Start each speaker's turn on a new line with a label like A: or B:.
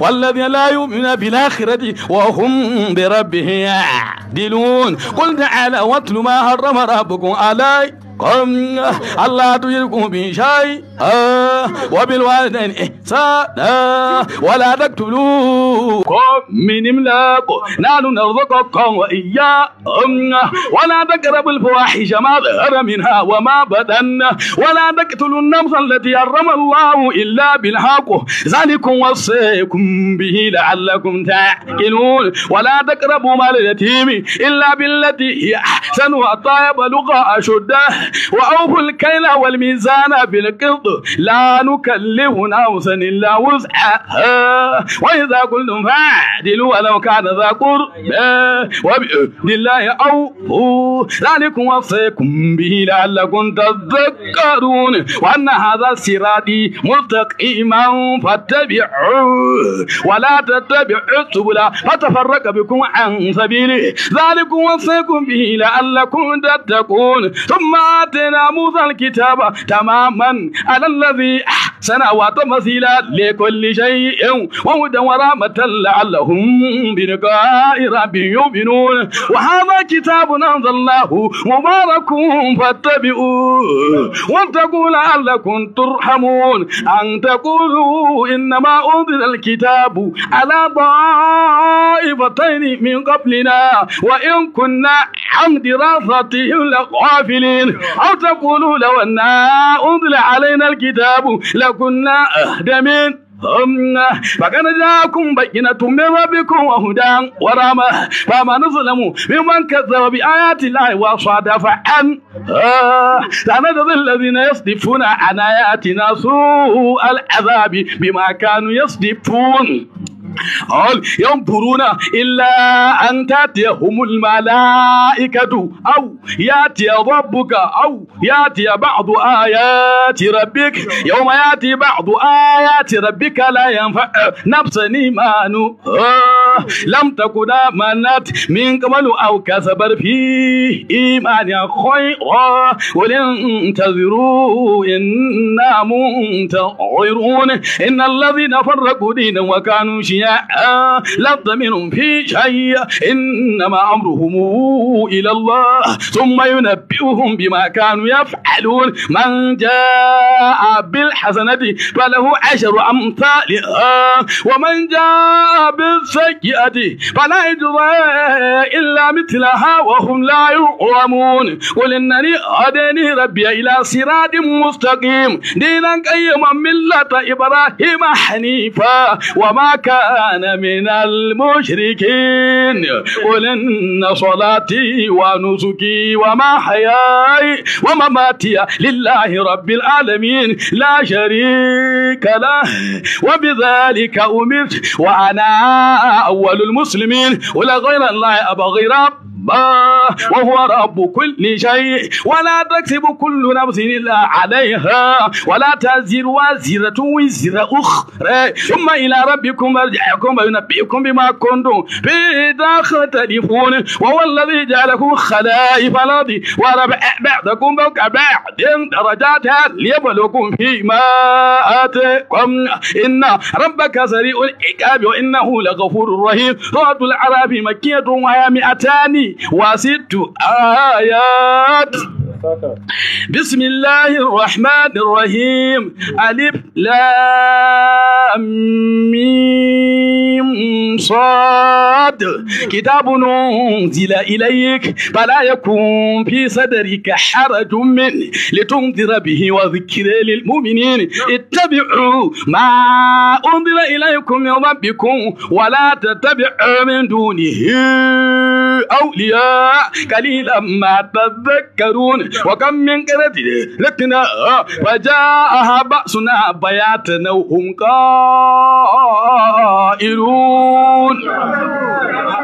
A: والذين لا يؤمنون بالآخرة وهم بربه يعدلون قل تعالى واتل ما حرم ربكم عليكم قم الله تشركوا به شيء آه. وبالوالدين إحسانا ولا تقتلوا من إملاق نحن نرزقكم وإياهم ولا تقربوا الفواحش ما ظهر منها وما بدن ولا تقتلوا النفس التي حرم الله إلا بالحق ذلكم وصيكم به لعلكم تعقلون ولا تقربوا مال اليتيم إلا بالتي هي أحسن وطيب لغة أشده وأوفوا الكيل والميزان بالقط لا نكلف نفسا إلا وسعها وإذا قلتم فاعدلوا ولو كان ذا قرب وبإذن الله أوفوا ذلكم وصيكم به لعلكم تذكرون وأن هذا صراطي مستقيما فاتبعوه ولا تتبعوا السبل فتفرق بكم عن سبيله ذلكم وصيكم به لعلكم لعلكم تتقون ثم آتنا موسى الكتاب تماما على الذي أحسن وتمثيلا لكل شيء وهدى ورحمة لعلهم بلقاء ربهم يؤمنون وهذا كتاب أنزلناه مبارك فاتبعوه واتقوا لعلكم ترحمون أن تقولوا إنما أنزل الكتاب على ضائفتين من قبلنا وإن كنا عن دراستهم لغافلين أو تقولوا لو أن أنزل علينا الكتاب لكنا أهدى من فقد جاءكم بينة من ربكم وهدى ورحمة فما نظلم ممن كذب بآيات الله وصادف عن سنجزي الذين يصدفون عن آياتنا سوء العذاب بما كانوا يصدفون قال ينظرون إلا أن تأتيهم الملائكة أو يأتي ربك أو يأتي بعض آيات ربك يوم يأتي بعض آيات ربك لا ينفع نفسا إيمانه لم تكن منات من قبل أو كسبت في إيمانها خيرا ولينتظروا إنا منتظرون إن الذين فرقوا دينا وكانوا شيعا لست منهم في شيء إنما أمرهم إلى الله ثم ينبئهم بما كانوا يفعلون من جاء بالحسنة فله عشر أمثالها ومن جاء بالسيئة أدي فلا يجرى إلا مثلها وهم لا يقومون قل إنني هداني ربي إلى صراط مستقيم دينا قيما ملة إبراهيم حنيفا وما كان من المشركين قل إن صلاتي ونسكي وما ومماتي لله رب العالمين لا شريك له وبذلك أمرت وأنا أول وللمسلمين ولا غير الله أبا غيره رب وهو رب كل شيء ولا تكسب كل نفس إلا عليها ولا تزر وزرة وزر أخرى ثم إلى ربكم ارجعكم وينبئكم بما كنتم به تختلفون وهو الذي جعلكم خلائف الأرض ورفع بعضكم فوق بعض درجات ليبلوكم فيما آتاكم إن ربك سريع العقاب وإنه لغفور رحيم سورة العرب مكية وهي 200 واسير ست آيات بسم الله الرحمن الرحيم ألف لام ميم صاد كتاب أنزل إليك فلا يكون في صدرك حرج من لتنذر به وذكر للمؤمنين اتبعوا ما أنزل إليكم من ربكم ولا تتبعوا من دونه أولياء قليلا ما تذكرون وكم من قرية لكنا وجاءها بأسنا بياتنا وهم قائلون